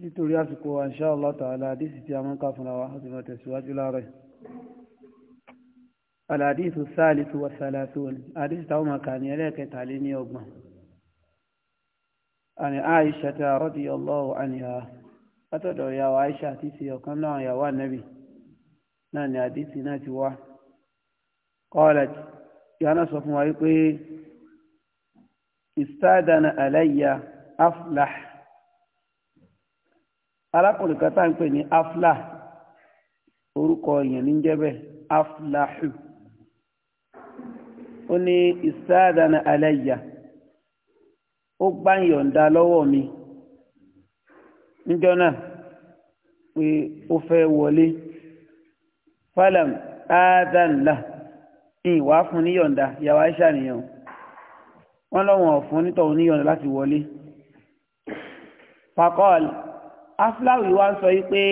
nítorí àsìkò insha Allah ta'ala àdísì tí a máa ń ká fúnra wa láti máa tẹ̀síwájú láàárọ̀ yìí. àlàdíìsù sáàlìsù wa sàlàsùn àdísì táwọn máa kà ní ẹlẹ́ẹ̀kẹta lé ní ọgbọ̀n. àní Aisha ta radiyallahu anha látọ̀dọ̀ ìyàwó Aisha àti ti ọ̀kan náà ìyàwó ànẹ́bì náà ni àdísì náà ti wá. qalat yàrá sọ fún wa wípé istadana alayya aflah arákùnrin kan tá à ń pè ní afla orúkọ èèyàn ní jẹ́bẹ̀ aflahu ó ní ìsáàdánà aláìyá ó gbá ìyọ̀ǹda lọ́wọ́ mi níjọ́ náà pé ó fẹ́ wọlé falam áádánlá ìwà fún níyọ̀ǹda yàwá ṣàníyàn wọ́n lọ́wọ́n fún nítọ̀hún níyọ̀ǹda láti wọlé fakọ́ọ̀lì afúláwì wa sọ yìí pé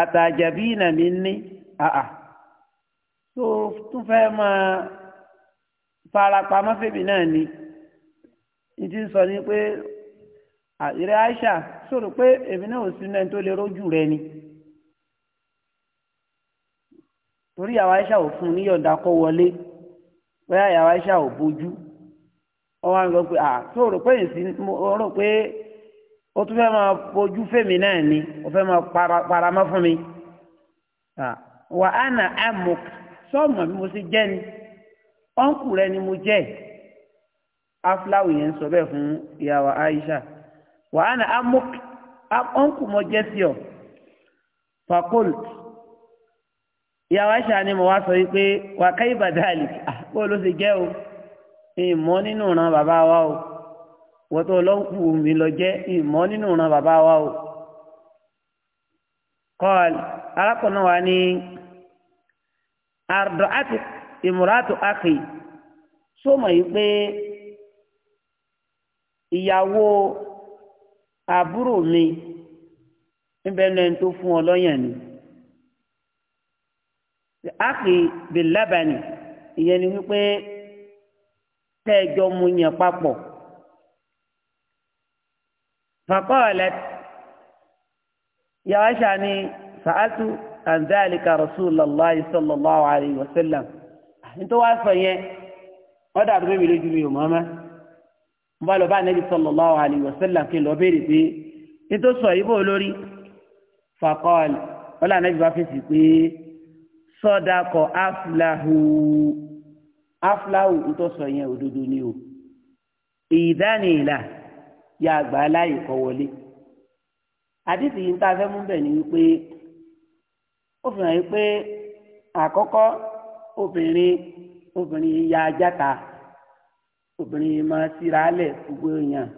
àtàjàbí ìnà mi ní àà tó tún fẹ́ máa farapamọ́ fèmí náà ni ní ti ń sọ ni pé àìrẹ́ Aisha sọ̀rọ̀ pé èmi náà ò sí náà tó lè rójú rẹ ni torí àwọn Aisha ò fún un níyọ̀ǹda kó wọlé bóyá àwọn Aisha ò bójú wọ́n wá ń sọ pé à sọ̀rọ̀ pé èsì mo rò pé ó tún fẹ́ máa fojú fèmí náà ni ó fẹ́ máa paramọ́ fún mi wà á nà á mọ̀ sọ́ọ̀mọ̀ mo ṣe jẹ́ ni ọ̀nkù rẹ ni mo jẹ́ afúláwù yẹn ń sọ bẹ́ẹ̀ fún ìyàwó Aisha wà á nà á mọ̀ ọ̀nkù mo jẹ́ sí ọ fakol ìyàwó Aisha ni mo wá sọ wípé wà á ká ìbàdàn àlè kó ló ṣe jẹ́ o ìmọ̀ nínú ìran bàbá wa o wọ́n tó lọ́nkù mi lọ jẹ́ ìmọ̀ nínú ìran bàbá wa o kọ́ọ̀lì arákùnrin wa ní àrùdọ̀ àti ìmùràtù àkì sọ́mọ̀ yìí pé ìyàwó àbúrò mi níbẹ̀ ní ẹni tó fún ọ lọ́yàn ni àkì bìlábàní ìyẹn ni wípé tẹ́ẹ̀jọ́ mu yàn papọ̀. فقالت يا عشاني سألت عن ذلك رسول الله صلى الله عليه وسلم انت واسفا يا ọdọ àdúgbò mi lójú mi ò mọ́ mọ́ mo bá lọ bá anabi sallallahu alayhi wa sallam kí n lọ béèrè pé nítorí sọ yìí bò lórí faqal ọlọ anabi bá fèsì pé sadaqa aflahu aflahu nítorí sọ yẹn òdodo ni o ìdánilà yá àgbà aláyè kọ wọlé àdìsí yìí ń tá a fẹ́ mú bẹ̀ ni wípé ó fi hàn yín pé àkọ́kọ́ obìnrin obìnrin ya ajáta obìnrin yìí máa síra lẹ̀ gbogbo èèyàn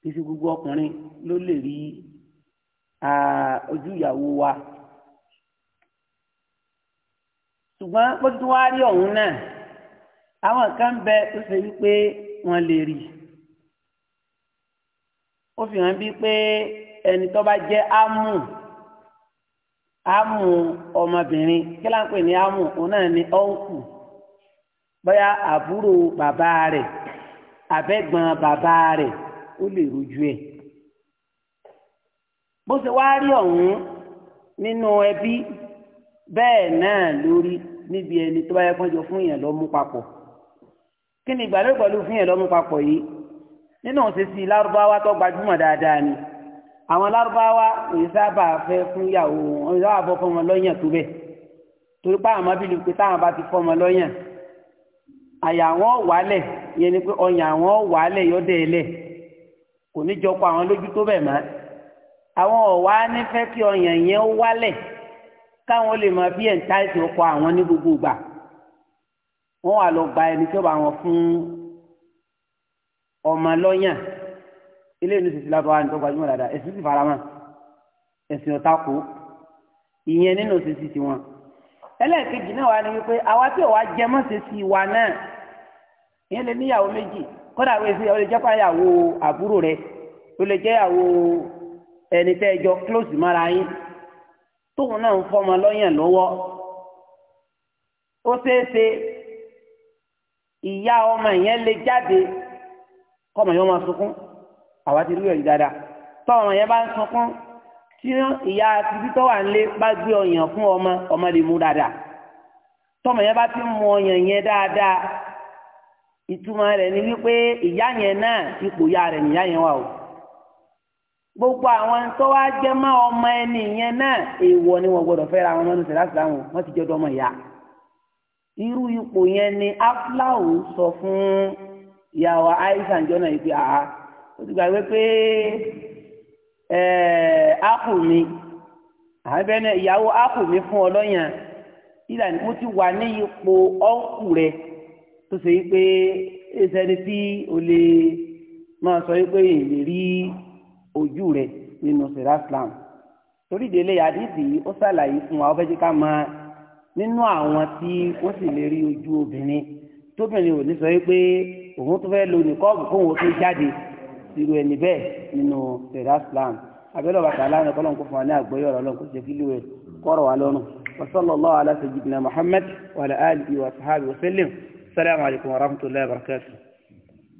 títí gbogbo ọkùnrin ló lè rí ojú ìyàwó wa ṣùgbọ́n bó ti tún wá rí ọ̀hún náà àwọn kan bẹ tó ṣe wípé wọ́n lè rí i ó fi hàn bí pé ẹni tó bá jẹ́ ámù ámù ọmọbìnrin kí là ń pè ní ámù òun náà ni ọ́nkù bóyá àbúrò bàbá rẹ̀ àbẹ̀gbọ́n bàbá rẹ̀ ó lè rojú ẹ̀ bó ṣe wá rí ọ̀hún nínú ẹbí bẹ́ẹ̀ náà lórí níbi ẹni tó bá yẹ kánjọ fún yẹn lọ́mú papọ̀ kí ni ìgbàlódé pẹ̀lú fún yẹn lọ́mú papọ̀ yìí nínú òṣèṣì lárúbáwá tó gbajúmọ̀ dáadáa ni àwọn lárúbáwá èyí sábà fẹ́ fún ìyàwó wọn ìyàwó àbọ̀ fọmọ lọ́yàn tó bẹ̀ torí pé àwọn abílù pé táwọn bá ti fọmọ lọ́yàn àyà wọn wàálẹ̀ yẹn ni pé ọyàn wọn wàálẹ̀ yọ̀dẹ̀ ẹlẹ̀ kò ní jọpọ̀ àwọn lójú tó bẹ̀ mọ́ àwọn ọ̀wá nífẹ̀ẹ́ kí ọyàn yẹn wálẹ̀ káwọn lè máa bí ẹ̀ńtáìsì ọkọ̀ àwọn ní gbogbo ìgbà wọ́n wà lọ gba ẹni tí ó bá wọn fún ọmọ lọ́yàn ilé ìlú sisi lábọ́ àwọn ìtọ́gbà jùmọ̀ dáadáa ẹ̀sìn sì faramọ́ ẹ̀sìn ọ̀tá kó ìyẹn nínú sisi tiwọn. ẹlẹ́ẹ̀kejì náà wà ní wípé àwa tí òwa jẹ mọ́ sisi wa náà ìyẹn lè níyàwó méjì kódà wọ́n èsì ọ̀lẹ́ jẹ́pá yàwó àbúrò rẹ̀ ó lè jẹ́ yàwó ẹni tẹ́ ẹjọ́ close mọ́ra yín tóun náà ń fọmọ lọ́yàn lọ́wọ́ ó ṣeéṣe ìyá ọmọ yẹn lè jáde kọ́mọ yẹn máa sunkún àwa ti rí ẹ̀rí dáadáa tọ́mọ yẹn bá ń sunkún tí ìyá títí tó wà nílé bá gbé ọyàn fún ọmọ ọmọ lè mú dáadáa tọ́mọ yẹn bá ti mú ọyàn yẹn dáadáa ìtumọ̀ rẹ̀ ni wípé ìyá yẹn náà ipò ya rẹ̀ níyá yẹn wà o gbogbo àwọn tó wá jẹ́ mọ́ ọmọ ẹni yẹn náà èèwọ̀ ni wọ́n gbọ́dọ̀ fẹ́ra wọn lọ́nu sẹ̀dá sẹ̀dá wọn wọ́n ti jẹ́ ọdọ́ ọmọ ìyá irú ipò yẹn ni afláwù sọ fún ìyàwó aisha ń jọ́nà ìpè àá ó ti gbàgbé pé ápù mi àbẹ́nẹ ìyàwó ápù mi fún ọ lọ́yàn ìlànà mo ti wà ní ipò ọ́nkù rẹ tó ṣe pé ẹsẹ̀ni tí o lè máa sọ pé èlè rí ojú rẹ nínú sẹ̀rá Islam torí ìdílé àdìsí ó ṣàlàyé fún wa ó jẹ́ ká máa nínú àwọn tí wọ́n sì lè rí ojú obìnrin tóbìnrin ò ní sọ wípé òun tó fẹ́ lo nìkọ́ọ̀bù kóun ó tó jáde irú ẹni bẹ́ẹ̀ nínú sẹ̀dá islam bàtà aláàánú kọ́lọ́n kó fún wa ní àgbọ́yé ọ̀rọ̀ ọlọ́run kó ṣe kí lóore kọ́rọ̀ wa lọ́rùn wa sallallahu ala sayyidina muhammad wa ala wa sahabi wa sallim salamu wa rahmatullahi wa barakatuh.